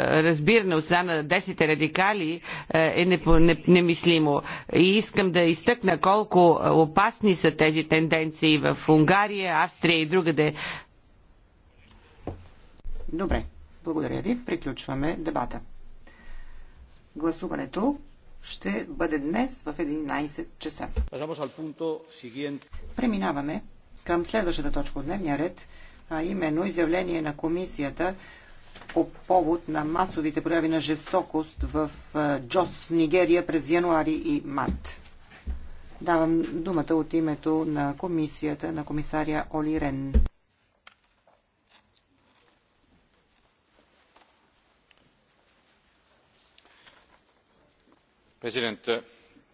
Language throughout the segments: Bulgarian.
разбиране от страна на десните радикали е, е немислимо. И искам да изтъкна колко опасни са тези тенденции в Унгария, Австрия и другаде. Добре, благодаря ви. Приключваме дебата. Гласуването ще бъде днес в 11 часа. Преминаваме към следващата точка от дневния ред, а именно изявление на комисията по повод на масовите прояви на жестокост в Джос, Нигерия през януари и март. Давам думата от името на комисията на комисаря Оли Рен.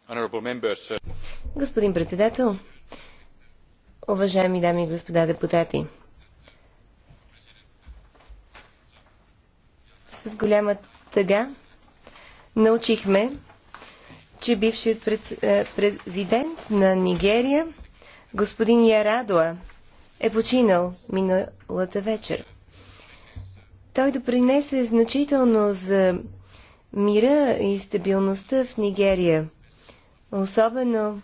Uh, Господин председател, уважаеми дами и господа депутати, с голяма тъга научихме, че бившият е, президент на Нигерия, господин Ярадуа, е починал миналата вечер. Той допринесе значително за мира и стабилността в Нигерия, особено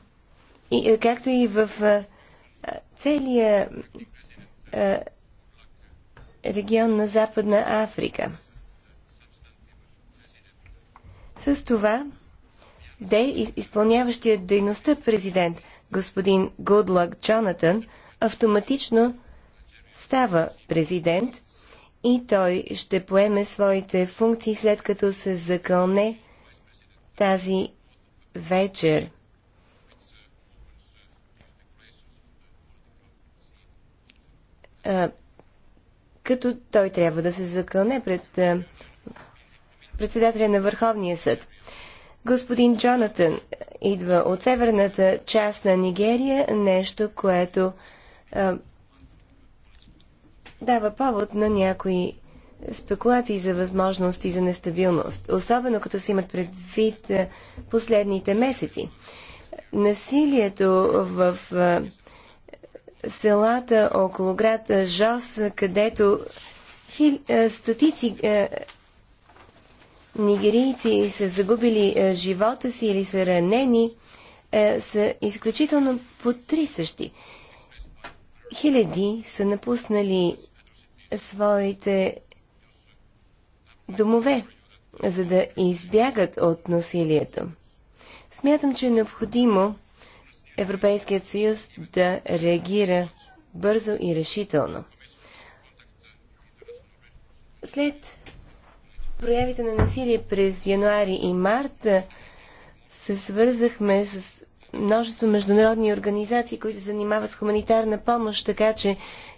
и, е, както и в е, целия регион на Западна Африка – с това Дей, изпълняващият дейността президент господин Гудлак Джонатан, автоматично става президент и той ще поеме своите функции след като се закълне тази вечер. А, като той трябва да се закълне пред а, председателя на Върховния съд. Господин Джонатан идва от северната част на Нигерия, нещо, което а, дава повод на някои спекулации за възможности за нестабилност, особено като се имат предвид последните месеци. Насилието в а, селата около град Жос, където хил, стотици нигерийци са загубили е, живота си или са ранени, е, са изключително потрисащи. Хиляди са напуснали своите домове, за да избягат от насилието. Смятам, че е необходимо Европейският съюз да реагира бързо и решително. След проявите на насилие през януари и март се свързахме с множество международни организации, които занимават с хуманитарна помощ, така че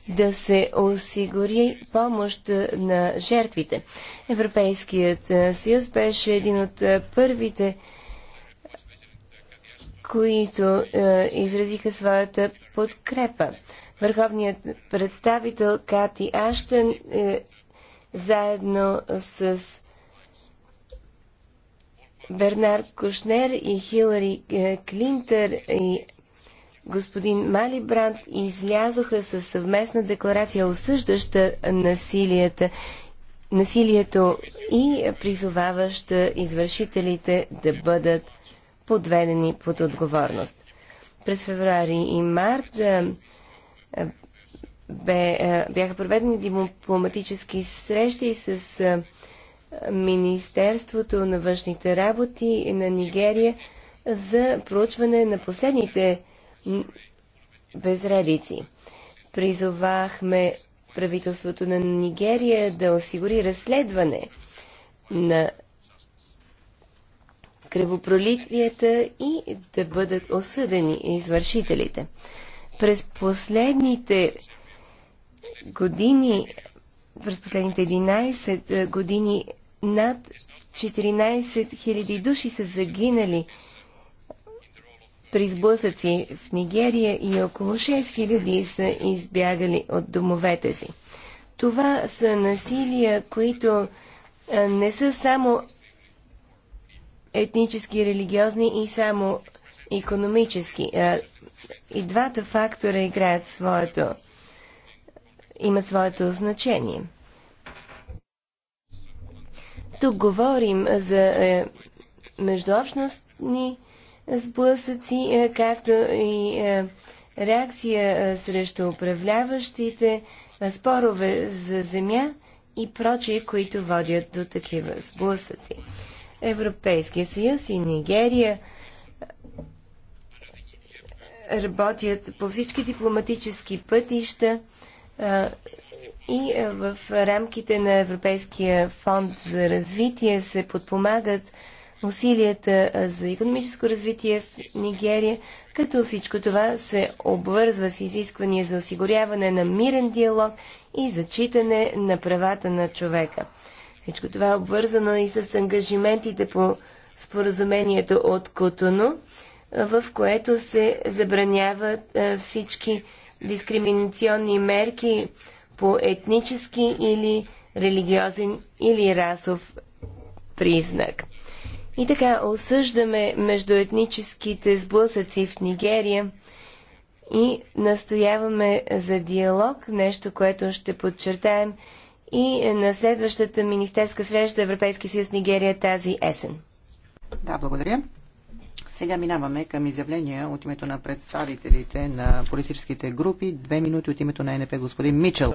да се осигури помощ на жертвите. Европейският съюз беше един от първите, които изразиха своята подкрепа. Върховният представител Кати Аштен е, заедно с Бернар Кушнер и Хилари е, Клинтер и господин Мали Бранд излязоха със съвместна декларация, осъждаща насилията, насилието и призоваваща извършителите да бъдат подведени под отговорност. През февруари и март е, е, бе, е, бяха проведени дипломатически срещи с е, Министерството на външните работи на Нигерия за проучване на последните безредици. Призовахме правителството на Нигерия да осигури разследване на кръвопролитията и да бъдат осъдени извършителите. През последните години, през последните 11 е, години, над 14 000 души са загинали при сблъсъци в Нигерия и около 6 000 са избягали от домовете си. Това са насилия, които е, не са само етнически, религиозни и само економически. Е, и двата фактора играят своето имат своето значение. Тук говорим за е, междуобщностни сблъсъци, е, както и е, реакция е, срещу управляващите, е, спорове за земя и прочие, които водят до такива сблъсъци. Европейския съюз и Нигерия е, работят по всички дипломатически пътища и в рамките на Европейския фонд за развитие се подпомагат усилията за економическо развитие в Нигерия, като всичко това се обвързва с изисквания за осигуряване на мирен диалог и зачитане на правата на човека. Всичко това е обвързано и с ангажиментите по споразумението от Котоно, в което се забраняват всички дискриминационни мерки по етнически или религиозен или расов признак. И така осъждаме междуетническите сблъсъци в Нигерия и настояваме за диалог, нещо, което ще подчертаем и на следващата министерска среща Европейски съюз Нигерия тази есен. Да, благодаря. Сега минаваме към изявления от името на представителите на политическите групи. Две минути от името на НП господин Мичел.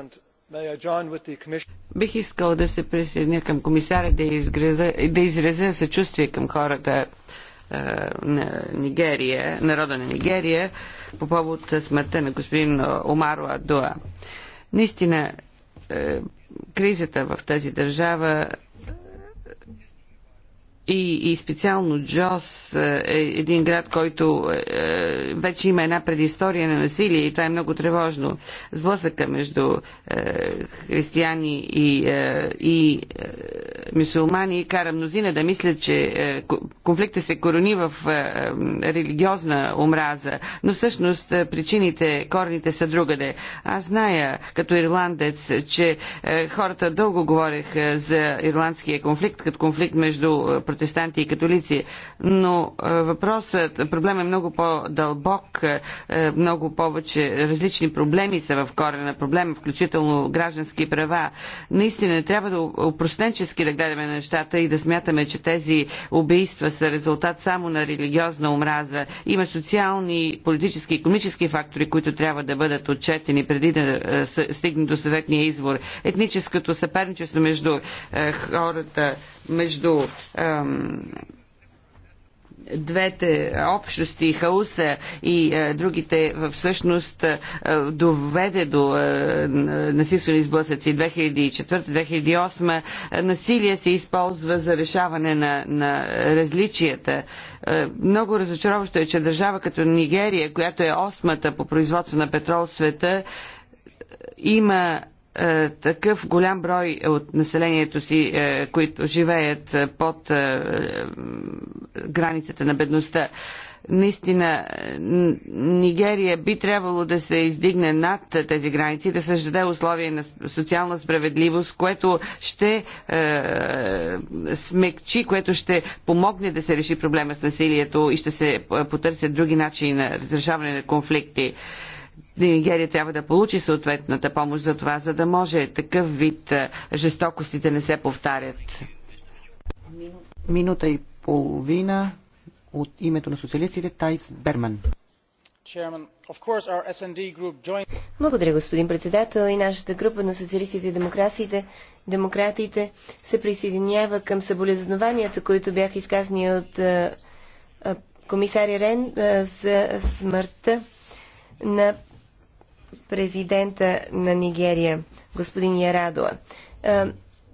Бих искал да се присъединя към комисаря да изгреза, да изреза съчувствие към хората е, на Нигерия, народа на Нигерия, по повод смъртта на господин Омаро Адуа. Наистина, е, кризата в тази държава и, и специално Джос е, е един град, който е, е, вече има една предистория на насилие и това е много тревожно. Сблъсъка между е, християни и, е, и е, мусулмани кара мнозина да мислят, че е, конфликта се корони в е, е, религиозна омраза, но всъщност е, причините, корните са другаде. Аз зная, като ирландец, че е, хората дълго говорех е, за ирландския конфликт, като конфликт между е, протестанти и католици. Но е, въпросът, проблем е много по-дълбок, е, много повече различни проблеми са в корена на проблема, включително граждански права. Наистина не трябва да упростенчески да гледаме на нещата и да смятаме, че тези убийства са резултат само на религиозна омраза. Има социални, политически, и економически фактори, които трябва да бъдат отчетени преди да е, стигне до съветния извор. Етническото съперничество между хората между двете общности, хаоса и а, другите всъщност а, доведе до е, насилствени сблъсъци 2004-2008. Насилие се използва за решаване на, на различията. А, много разочароващо е, че държава като Нигерия, която е осмата по производство на петрол в света, има е, такъв голям брой от населението си, е, които живеят е, под границата на бедността. Наистина, Нигерия би трябвало да се издигне над тези граници, да създаде условия на социална справедливост, което ще е, смекчи, което ще помогне да се реши проблема с насилието и ще се потърсят други начини на разрешаване на конфликти. Е, Нигерия трябва да получи съответната помощ за това, за да може такъв вид жестокостите не се повтарят. Минута и половина от името на социалистите Тайс Берман. Благодаря, господин председател. И нашата група на социалистите и демократите, демократите се присъединява към съболезнованията, които бяха изказани от комисаря Рен за смъртта на президента на Нигерия, господин Ярадуа.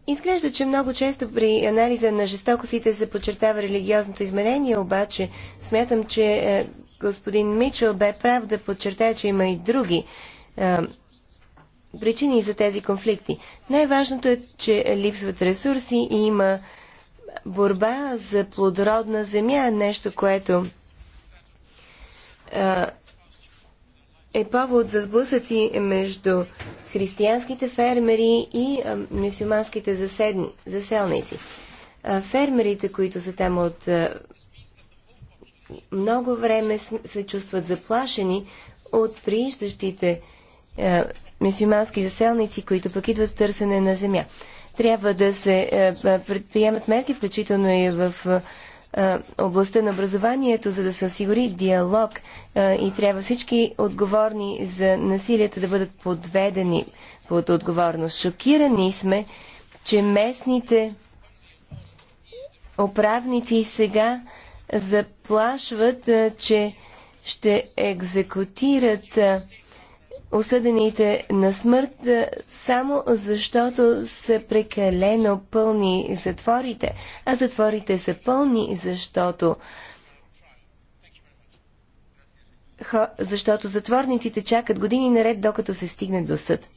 Изглежда, че много често при анализа на жестокостите се подчертава религиозното измерение, обаче смятам, че господин Мичел бе прав да подчертая, че има и други причини за тези конфликти. Най-важното е, че липсват ресурси и има борба за плодородна земя, нещо, което е повод за сблъсъци между християнските фермери и мюсюлманските заселници. фермерите, които са там от много време, се чувстват заплашени от прииждащите мюсюлмански заселници, които пък идват в търсене на земя. Трябва да се предприемат мерки, включително и в е, областта на образованието, за да се осигури диалог е, и трябва всички отговорни за насилието да бъдат подведени под отговорност. Шокирани сме, че местните управници сега заплашват, е, че ще екзекутират осъдените на смърт е, само защото са прекалено пълни затворите, а затворите са пълни, защото защото затворниците чакат години наред, докато се стигне до съд.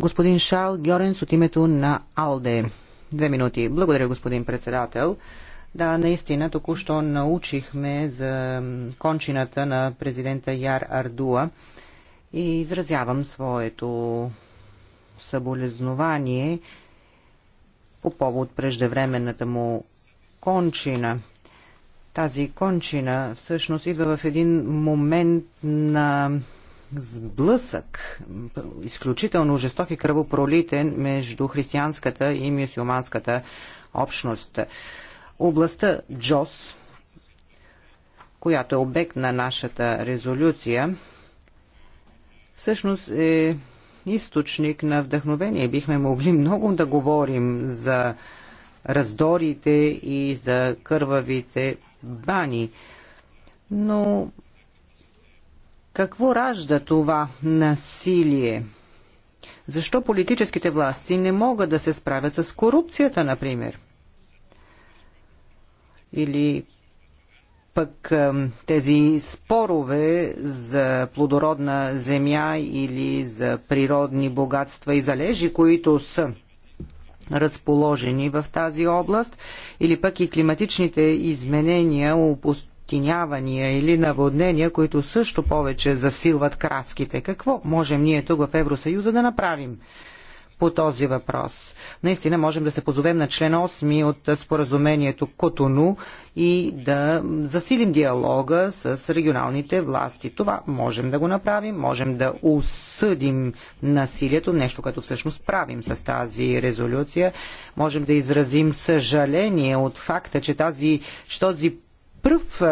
Господин Шарл Гьоренс от името на АЛДЕ. Две минути. Благодаря, господин председател. Да, наистина, току-що научихме за кончината на президента Яр Ардуа и изразявам своето съболезнование по повод преждевременната му кончина. Тази кончина всъщност идва в един момент на сблъсък, изключително жесток и кръвопролитен между християнската и мюсюлманската общност. Областта Джос, която е обект на нашата резолюция, всъщност е източник на вдъхновение. Бихме могли много да говорим за раздорите и за кървавите бани. Но какво ражда това насилие? Защо политическите власти не могат да се справят с корупцията, например? или пък тези спорове за плодородна земя или за природни богатства и залежи, които са разположени в тази област, или пък и климатичните изменения, опустинявания или наводнения, които също повече засилват краските. Какво можем ние тук в Евросъюза да направим? по този въпрос. Наистина можем да се позовем на член 8 от споразумението Котону и да засилим диалога с регионалните власти. Това можем да го направим, можем да осъдим насилието, нещо като всъщност правим с тази резолюция. Можем да изразим съжаление от факта, че тази, този пръв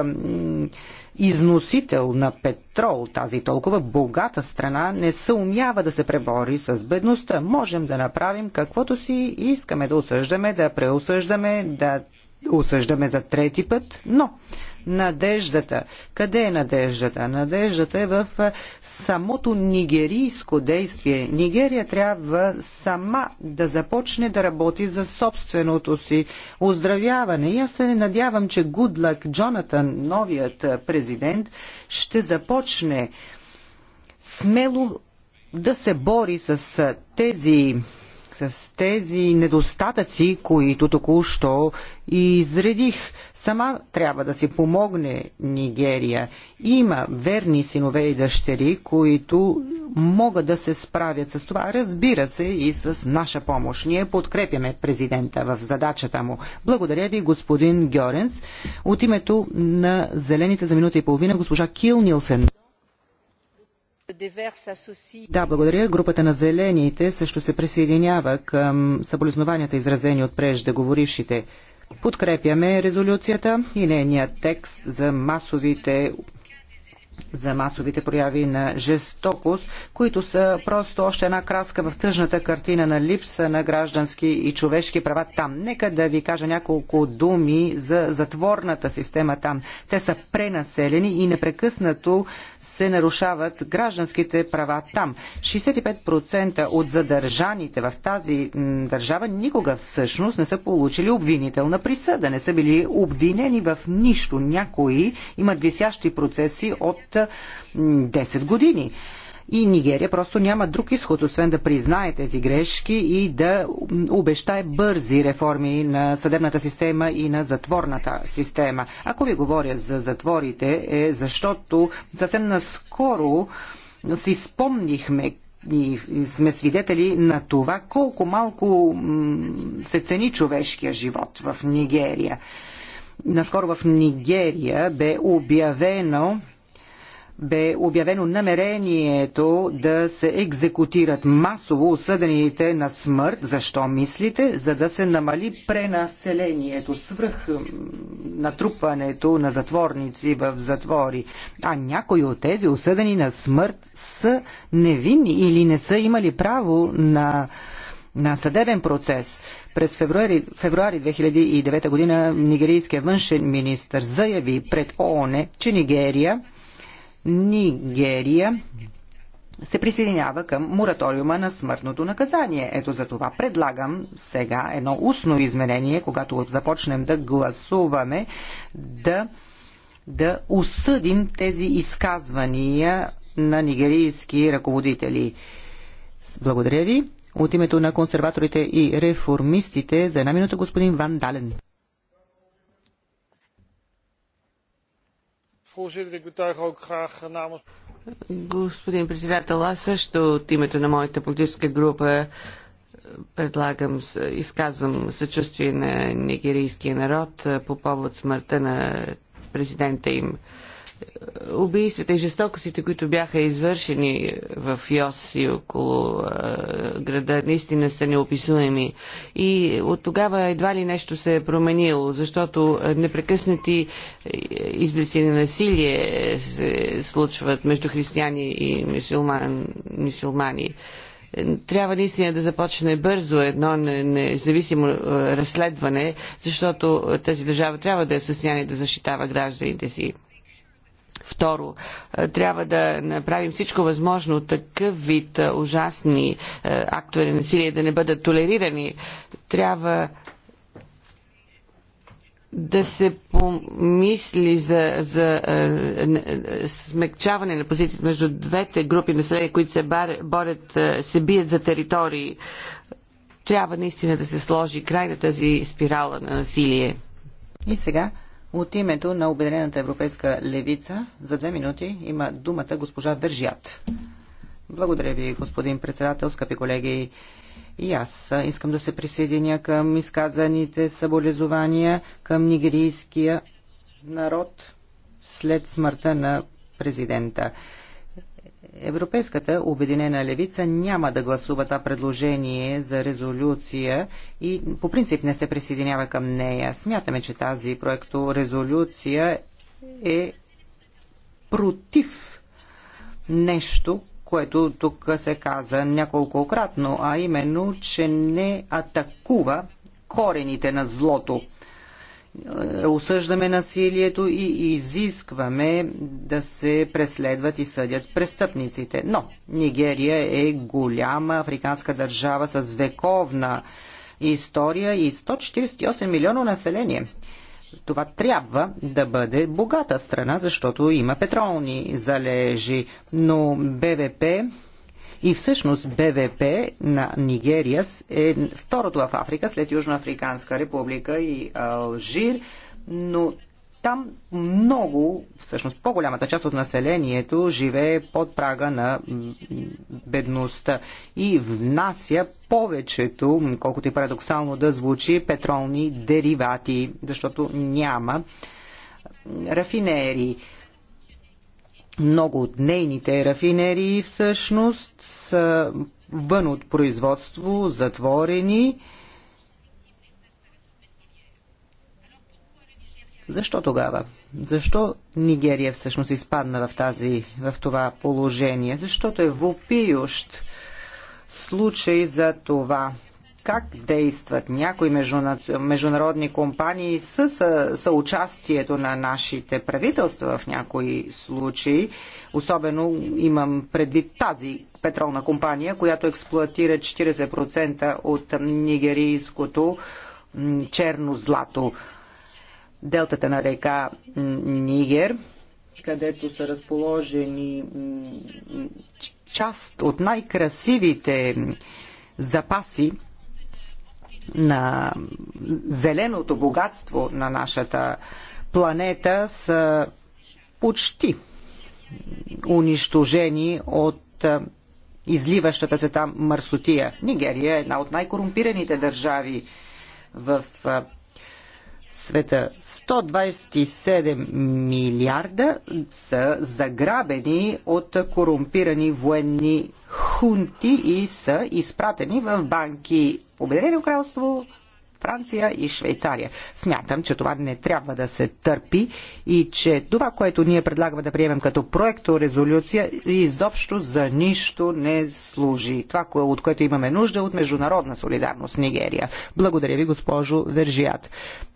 износител на петрол, тази толкова богата страна, не съумява да се пребори с бедността. Можем да направим каквото си искаме да осъждаме, да преосъждаме, да осъждаме за трети път, но надеждата, къде е надеждата? Надеждата е в самото нигерийско действие. Нигерия трябва сама да започне да работи за собственото си оздравяване. И аз се надявам, че Гудлак Джонатан, новият президент, ще започне смело да се бори с тези с тези недостатъци, които току-що изредих. Сама трябва да си помогне Нигерия. Има верни синове и дъщери, които могат да се справят с това. Разбира се и с наша помощ. Ние подкрепяме президента в задачата му. Благодаря ви, господин Гьоренс. От името на Зелените за минута и половина, госпожа Кил Нилсен. Да, благодаря. Групата на зелените също се присъединява към съболезнованията, изразени от преждеговорившите. Подкрепяме резолюцията и нейният текст за масовите за масовите прояви на жестокост, които са просто още една краска в тъжната картина на липса на граждански и човешки права там. Нека да ви кажа няколко думи за затворната система там. Те са пренаселени и непрекъснато се нарушават гражданските права там. 65% от задържаните в тази държава никога всъщност не са получили обвинителна присъда, не са били обвинени в нищо. Някои имат висящи процеси от 10 години и Нигерия просто няма друг изход, освен да признае тези грешки и да обещае бързи реформи на съдебната система и на затворната система. Ако ви говоря за затворите, е защото съвсем наскоро си спомнихме и сме свидетели на това колко малко се цени човешкия живот в Нигерия. Наскоро в Нигерия бе обявено бе обявено намерението да се екзекутират масово осъдените на смърт. Защо мислите? За да се намали пренаселението, свръх натрупването на затворници в затвори. А някои от тези осъдени на смърт са невинни или не са имали право на, на съдебен процес. През февруари, февруари 2009 година нигерийският външен министр заяви пред ООН, че Нигерия Нигерия се присъединява към мораториума на смъртното наказание. Ето за това предлагам сега едно устно изменение, когато започнем да гласуваме, да, да осъдим тези изказвания на нигерийски ръководители. Благодаря ви. От името на консерваторите и реформистите за една минута господин Ван Дален. Voorzitter, ik betuig ook graag eh, namens... Господин председател, аз също от името на моята политическа група е, предлагам, изказвам съчувствие на нигерийския народ е, по повод смъртта на президента им убийствата и жестокостите, които бяха извършени в Йос и около града, наистина са неописуеми. И от тогава едва ли нещо се е променило, защото непрекъснати изблици на насилие се случват между християни и мусулмани. трябва наистина да започне бързо едно независимо разследване, защото тази държава трябва да е в състояние да защитава гражданите си. Второ, е, трябва да направим всичко възможно такъв вид е, ужасни е, актове на насилие да не бъдат толерирани. Трябва да се помисли за, за е, смекчаване на позициите между двете групи население, които се борят, се бият за територии. Трябва наистина да се сложи край на тази спирала на насилие. И сега от името на Обединената европейска левица за две минути има думата госпожа Вержият. Благодаря ви, господин председател, скъпи колеги. И аз искам да се присъединя към изказаните съболезования към нигерийския народ след смъртта на президента. Европейската обединена левица няма да гласува това предложение за резолюция и по принцип не се присъединява към нея. Смятаме, че тази проекто резолюция е против нещо, което тук се каза няколкократно, а именно, че не атакува корените на злото, е, осъждаме насилието и изискваме да се преследват и съдят престъпниците. Но Нигерия е голяма африканска държава с вековна история и 148 милиона население. Това трябва да бъде богата страна, защото има петролни залежи, но БВП и всъщност БВП на Нигерия е второто в Африка, след Южноафриканска република и Алжир, но там много, всъщност по-голямата част от населението живее под прага на бедността и внася повечето, колкото и парадоксално да звучи, петролни деривати, защото няма рафинери. Много от нейните рафинерии всъщност са вън от производство, затворени. Защо тогава? Защо Нигерия всъщност изпадна в, тази, в това положение? Защото е вопиющ случай за това как действат някои международни компании с съучастието на нашите правителства в някои случаи. Особено имам предвид тази петролна компания, която експлуатира 40% от нигерийското черно злато. Делтата на река Нигер където са разположени част от най-красивите запаси на зеленото богатство на нашата планета са почти унищожени от изливащата се там мърсотия. Нигерия е една от най-корумпираните държави в света. 127 милиарда са заграбени от корумпирани военни хунти и са изпратени в банки Обединено кралство, Франция и Швейцария. Смятам, че това не трябва да се търпи и че това, което ние предлагаме да приемем като проекто резолюция, изобщо за нищо не служи. Това, от което имаме нужда от международна солидарност Нигерия. Благодаря ви, госпожо Вержият.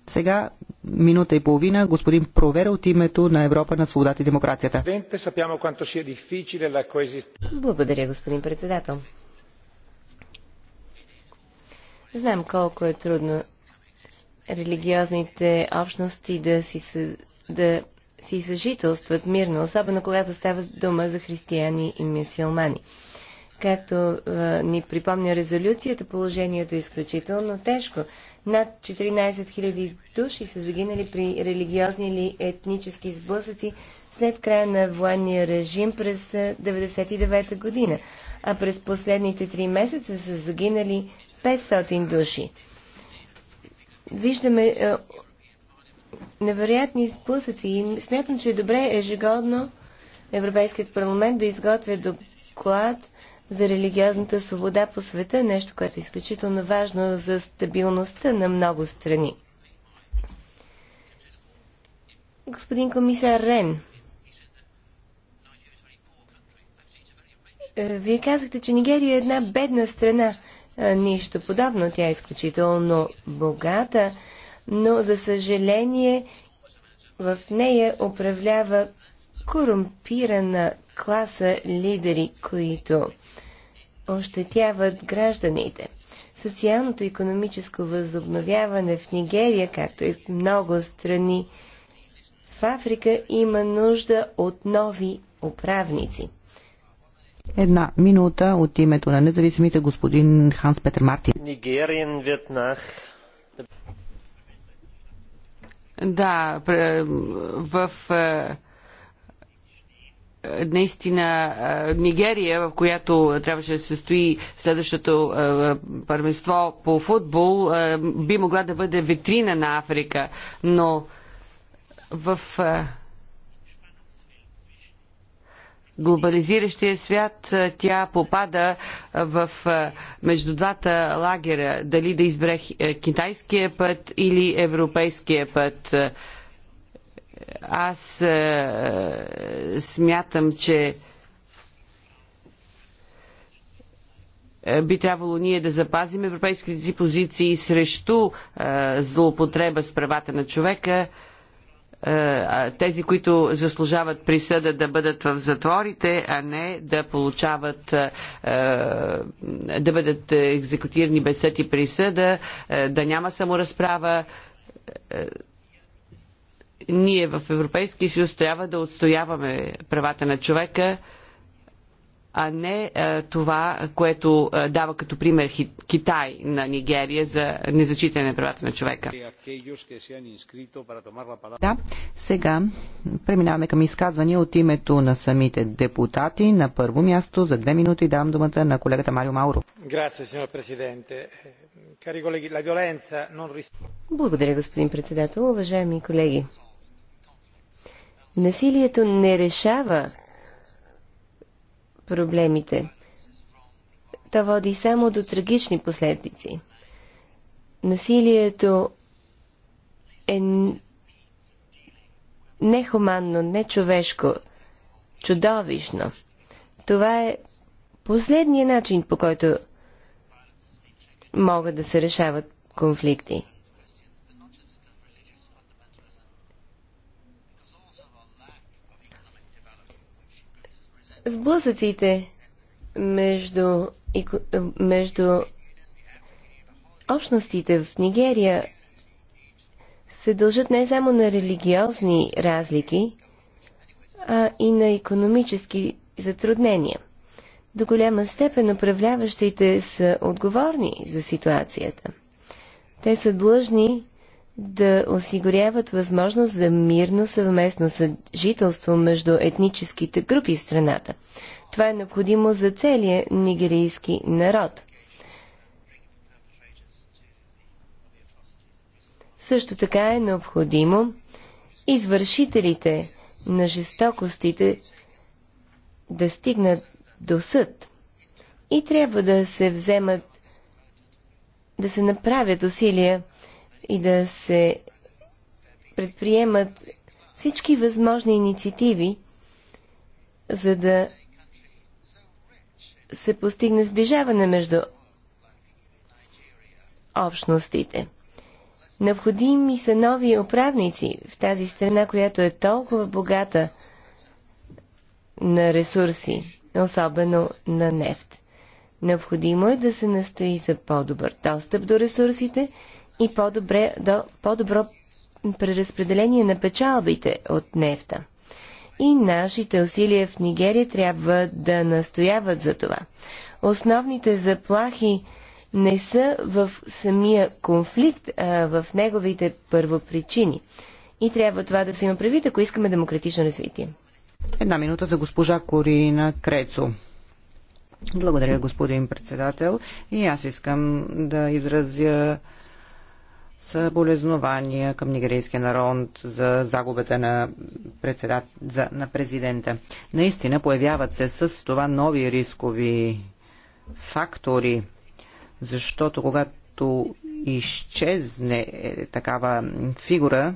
Сега минута и половина господин Провера от името на Европа на свободата и демокрацията. Благодаря, господин председател. Знам колко е трудно религиозните общности да си, да си съжителстват мирно, особено когато става дума за християни и мюсюлмани. Както ни припомня резолюцията, положението е изключително тежко. Над 14 000 души са загинали при религиозни или етнически сблъсъци след края на военния режим през 1999 година, а през последните три месеца са загинали 500 души. Виждаме е, невероятни сблъсъци и смятам, че е добре ежегодно Европейският парламент да изготвя доклад за религиозната свобода по света, нещо, което е изключително важно за стабилността на много страни. Господин комисар Рен, е, вие казахте, че Нигерия е една бедна страна нищо подобно. Тя е изключително богата, но за съжаление в нея управлява корумпирана класа лидери, които ощетяват гражданите. Социалното и економическо възобновяване в Нигерия, както и в много страни в Африка, има нужда от нови управници. Една минута от името на независимите господин Ханс Петър Мартин. Нигерин, Вьетнах. Да, в е, наистина е, Нигерия, в която трябваше да се стои следващото е, първенство по футбол, би могла да бъде витрина на Африка, но в глобализиращия свят, тя попада в между двата лагера, дали да избере китайския път или европейския път. Аз смятам, че би трябвало ние да запазим европейските си позиции срещу злоупотреба с правата на човека е, тези, които заслужават присъда да бъдат в затворите, а не да получават е, е, да бъдат екзекутирани без съд и присъда, да няма саморазправа ние в Европейския съюз трябва да отстояваме правата на човека а не е, това, което е, дава като пример Китай на Нигерия за незачитане на правата на човека. Да, сега преминаваме към изказвания от името на самите депутати. На първо място за две минути давам думата на колегата Марио Мауро. Благодаря, господин председател. Уважаеми колеги, насилието не решава проблемите. То води само до трагични последици. Насилието е нехуманно, нечовешко, чудовищно. Това е последният начин, по който могат да се решават конфликти. сблъсъците между, е, между общностите в Нигерия се дължат не само на религиозни разлики, а и на економически затруднения. До голяма степен управляващите са отговорни за ситуацията. Те са длъжни да осигуряват възможност за мирно съвместно съжителство между етническите групи в страната. Това е необходимо за целия нигерийски народ. Също така е необходимо извършителите на жестокостите да стигнат до съд и трябва да се вземат да се направят усилия и да се предприемат всички възможни инициативи, за да се постигне сближаване между общностите. Необходими са нови управници в тази страна, която е толкова богата на ресурси, особено на нефт. Необходимо е да се настои за по-добър достъп до ресурсите и по-добре, до, по-добро преразпределение на печалбите от нефта. И нашите усилия в Нигерия трябва да настояват за това. Основните заплахи не са в самия конфликт, а в неговите първопричини. И трябва това да се има предвид, ако искаме демократично развитие. Една минута за госпожа Корина Крецо. Благодаря, господин председател. И аз искам да изразя съболезнования към нигерийския народ за загубата на, председат, за, на президента. Наистина появяват се с това нови рискови фактори, защото когато изчезне е, такава фигура,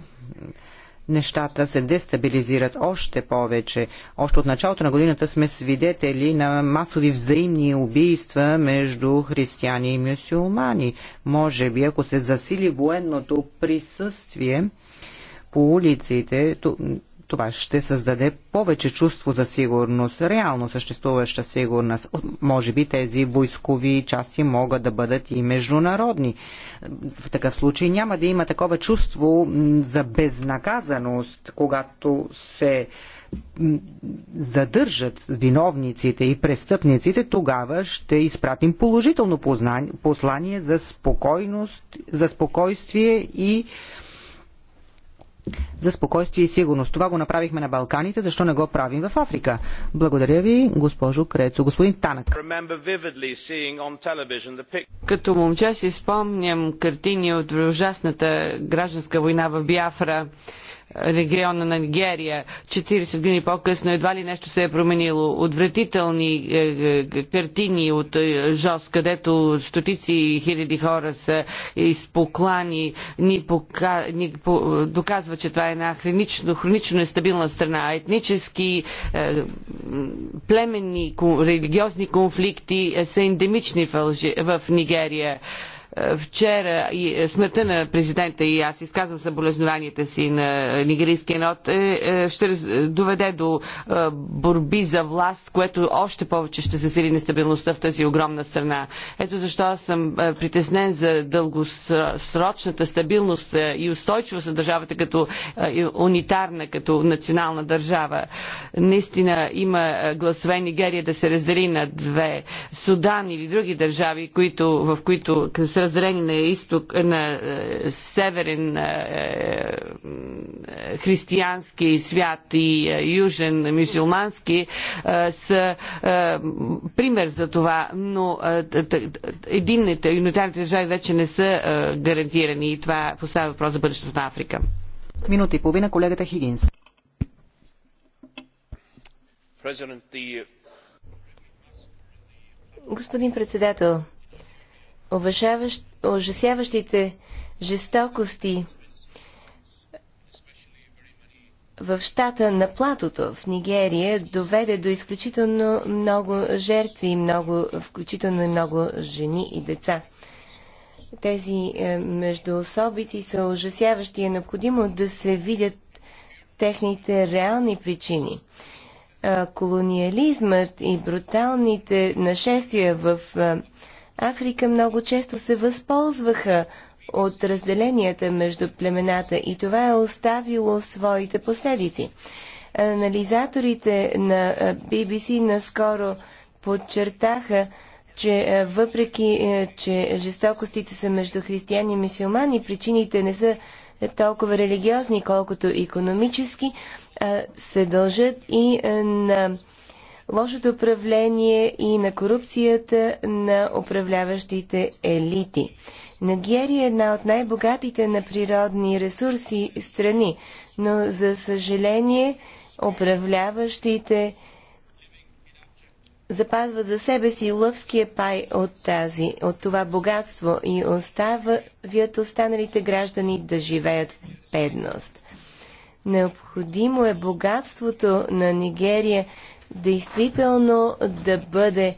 нещата се дестабилизират още повече. Още от началото на годината сме свидетели на масови взаимни убийства между християни и мюсюлмани. Може би, ако се засили военното присъствие по улиците, това ще създаде повече чувство за сигурност, реално съществуваща сигурност. Може би тези войскови части могат да бъдат и международни. В такъв случай няма да има такова чувство за безнаказаност, когато се задържат виновниците и престъпниците, тогава ще изпратим положително послание за спокойност, за спокойствие и за спокойствие и сигурност. Това го направихме на Балканите, защо не го правим в Африка? Благодаря ви, госпожо Крецо. Господин Танък. Като момче си спомням картини от ужасната гражданска война в Биафра региона на Нигерия 40 години по-късно едва ли нещо се е променило. Отвратителни е, е, е, картини от Жос, където стотици и хиляди хора са изпоклани, ни, пока, ни по, доказва, че това е една хронично, хронично нестабилна страна. Етнически, е, племенни, религиозни конфликти са ендемични в, в Нигерия. Вчера и е, смъртта на президента и аз изказвам съболезнованията си на нигерийския народ е, е, ще доведе до борби за власт, което още повече ще засили нестабилността в тази огромна страна. Ето защо аз съм притеснен за дългосрочната стабилност и устойчивост на държавата като унитарна, като национална държава. Наистина има гласове Нигерия да се раздели на две Судан или други държави, които, в които се въззрени на, изток, на е, северен е, е, християнски свят и южен мюсюлмански са пример за това, но единните, юнитарните държави вече не са гарантирани и това поставя въпрос за бъдещето на Африка. Минута и половина колегата Хигинс. Господин председател, ужасяващите жестокости в щата на платото в Нигерия доведе до изключително много жертви, много, включително и много жени и деца. Тези е, междуособици са ужасяващи и е необходимо да се видят техните реални причини. Е, колониализмът и бруталните нашествия в е, Африка много често се възползваха от разделенията между племената и това е оставило своите последици. Анализаторите на BBC наскоро подчертаха, че въпреки, че жестокостите са между християни и мусулмани, причините не са толкова религиозни, колкото економически, се дължат и на лошото управление и на корупцията на управляващите елити. Нагерия е една от най-богатите на природни ресурси страни, но за съжаление управляващите запазват за себе си лъвския пай от, тази, от това богатство и оставят останалите граждани да живеят в бедност. Необходимо е богатството на Нигерия действително да бъде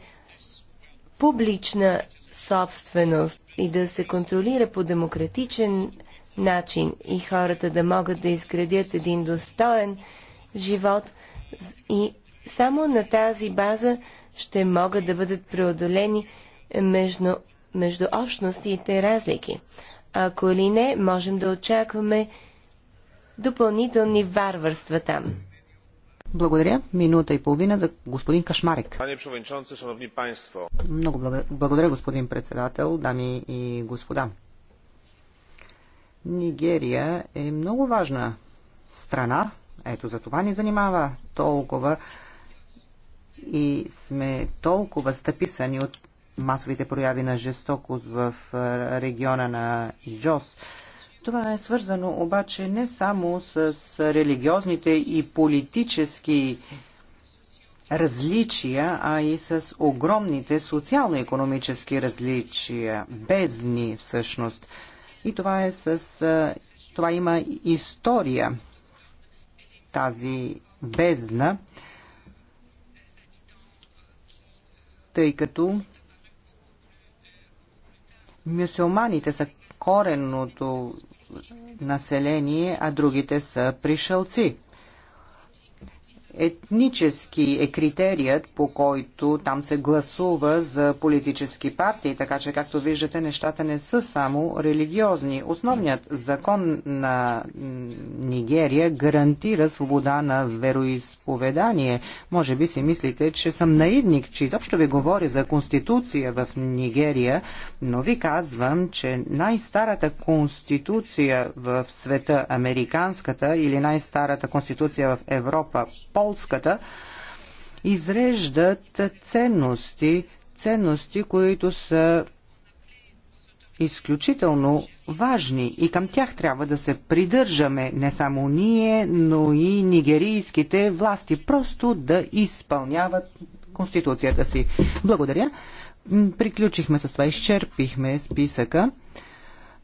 публична собственост и да се контролира по демократичен начин и хората да могат да изградят един достоен живот и само на тази база ще могат да бъдат преодолени между, между общностите разлики. Ако ли не, можем да очакваме допълнителни варварства там. Благодаря. Минута и половина за господин Кашмарик. Много благодаря, господин председател, дами и господа. Нигерия е много важна страна. Ето за това ни занимава толкова и сме толкова стъписани от масовите прояви на жестокост в региона на Жос. Това е свързано обаче не само с религиозните и политически различия, а и с огромните социално-економически различия, бездни всъщност. И това е с... Това има история, тази бездна, тъй като мюсюлманите са коренното население, а другите са пришълци етнически е критерият, по който там се гласува за политически партии, така че, както виждате, нещата не са само религиозни. Основният закон на Нигерия гарантира свобода на вероисповедание. Може би си мислите, че съм наивник, че изобщо ви говоря за конституция в Нигерия, но ви казвам, че най-старата конституция в света, американската, или най-старата конституция в Европа, полската, изреждат ценности, ценности, които са изключително важни и към тях трябва да се придържаме не само ние, но и нигерийските власти, просто да изпълняват конституцията си. Благодаря. Приключихме с това, изчерпихме списъка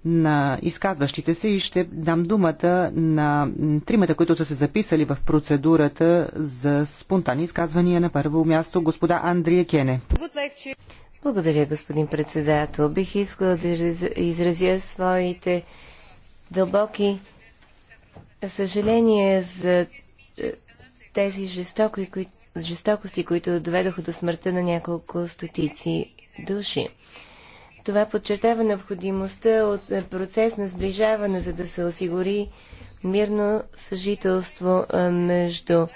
на изказващите се и ще дам думата на тримата, които са се записали в процедурата за спонтанни изказвания. На първо място господа Андрия Кене. Благодаря, господин председател. Бих искала да изразя своите дълбоки съжаления за е, тези жестоки, кои, жестокости, които доведоха до смъртта на няколко стотици души. Това подчертава необходимостта от процес на сближаване, за да се осигури мирно съжителство между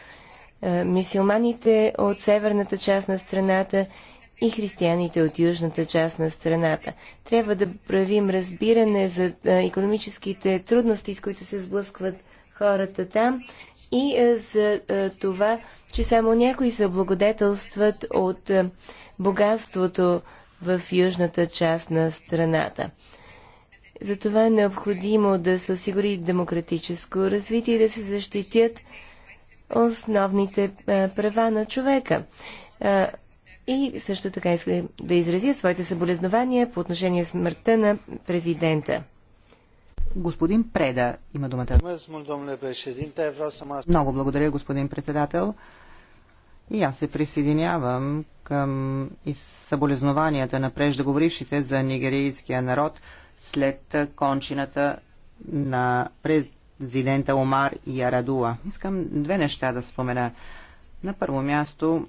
мисиоманите от северната част на страната и християните от южната част на страната. Трябва да проявим разбиране за економическите трудности, с които се сблъскват хората там и за това, че само някои се облагодетелстват от богатството в южната част на страната. Затова е необходимо да се осигури демократическо развитие и да се защитят основните права на човека. И също така иска да изразя своите съболезнования по отношение смъртта на президента. Господин Преда има думата. Много благодаря, господин председател. И аз се присъединявам към съболезнованията на преждеговорившите за нигерийския народ след кончината на президента Омар Ярадуа. Искам две неща да спомена. На първо място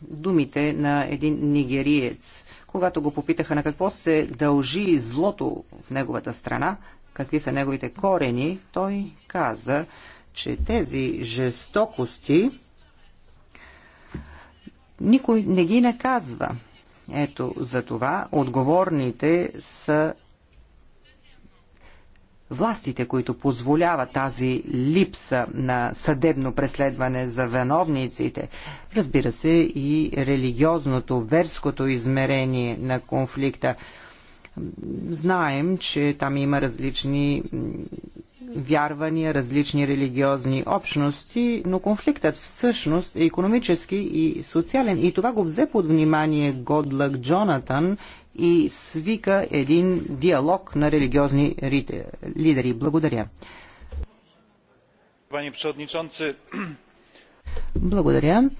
думите на един нигериец. Когато го попитаха на какво се дължи злото в неговата страна, какви са неговите корени, той каза, че тези жестокости никой не ги наказва. Ето за това отговорните са властите, които позволяват тази липса на съдебно преследване за виновниците. Разбира се и религиозното, верското измерение на конфликта. Знаем, че там има различни вярвания, различни религиозни общности, но конфликтът всъщност е економически и социален. И това го взе под внимание Годлък Джонатан и свика един диалог на религиозни лидери. Благодаря. Благодаря.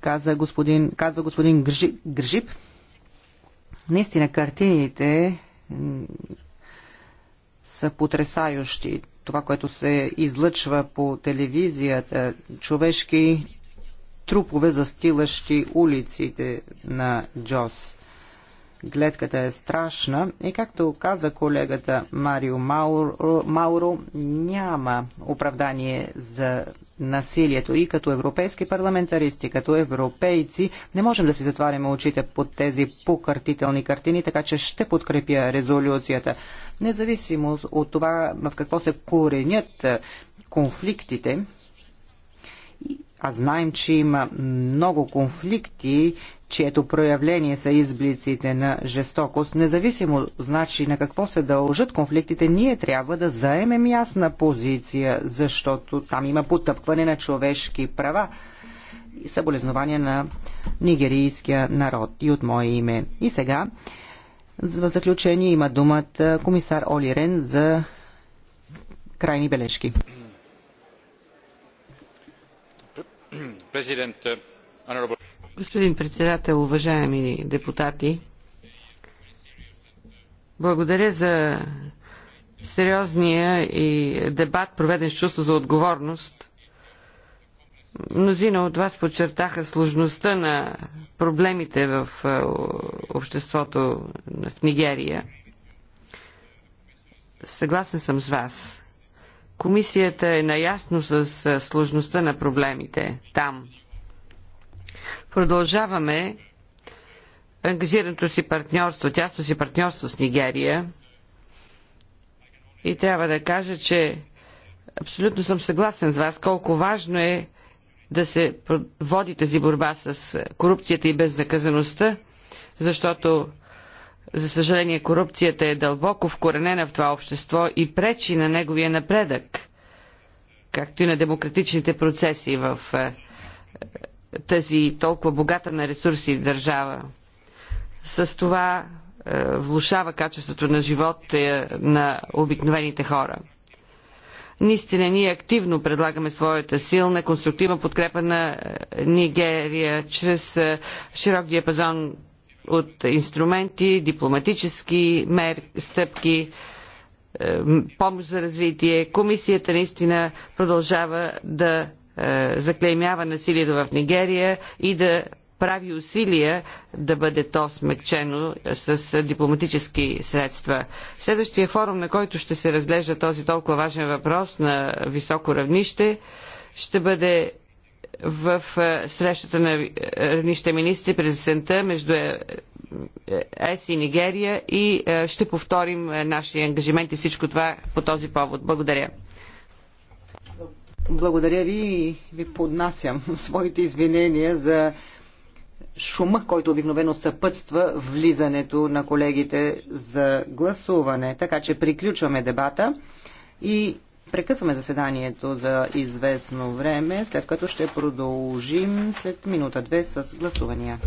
Каза господин, казва господин Гржип. Наистина картините са потрясающи. Това, което се излъчва по телевизията, човешки трупове застилащи улиците на Джос гледката е страшна и както каза колегата Марио Мауро, Мауро няма оправдание за насилието и като европейски парламентаристи, като европейци не можем да си затваряме очите под тези покъртителни картини, така че ще подкрепя резолюцията. Независимо от това в какво се коренят конфликтите, а знаем, че има много конфликти чието проявление са изблиците на жестокост, независимо значи на какво се дължат конфликтите, ние трябва да заемем ясна позиция, защото там има потъпкване на човешки права и съболезнования на нигерийския народ и от мое име. И сега, в заключение има думата комисар Оли Рен за крайни бележки. Президент, Господин председател, уважаеми депутати, благодаря за сериозния и дебат, проведен с чувство за отговорност. Мнозина от вас подчертаха сложността на проблемите в е, обществото в Нигерия. Съгласен съм с вас. Комисията е наясно с е, сложността на проблемите там – Продължаваме ангажирането си партньорство, тясно си партньорство с Нигерия. И трябва да кажа, че абсолютно съм съгласен с вас колко важно е да се води тази борба с корупцията и безнаказаността, защото за съжаление, корупцията е дълбоко вкоренена в това общество и пречи на неговия напредък, както и на демократичните процеси в е, тази толкова богата на ресурси държава. С това е, влушава качеството на живот е, на обикновените хора. Наистина, ние активно предлагаме своята силна, конструктивна подкрепа на е, Нигерия чрез е, широк диапазон от инструменти, дипломатически мер, стъпки, е, помощ за развитие. Комисията наистина продължава да е, заклеймява насилието в Нигерия и да прави усилия да бъде то смекчено с дипломатически средства. Следващия форум, на който ще се разглежда този толкова важен въпрос на високо равнище, ще бъде в е, срещата на е, равнище министри през есента между ЕС и Нигерия и ще повторим нашия ангажимент и всичко това по този повод. Благодаря. Благодаря ви и ви поднасям своите извинения за шума, който обикновено съпътства влизането на колегите за гласуване. Така че приключваме дебата и прекъсваме заседанието за известно време, след като ще продължим след минута-две с гласувания.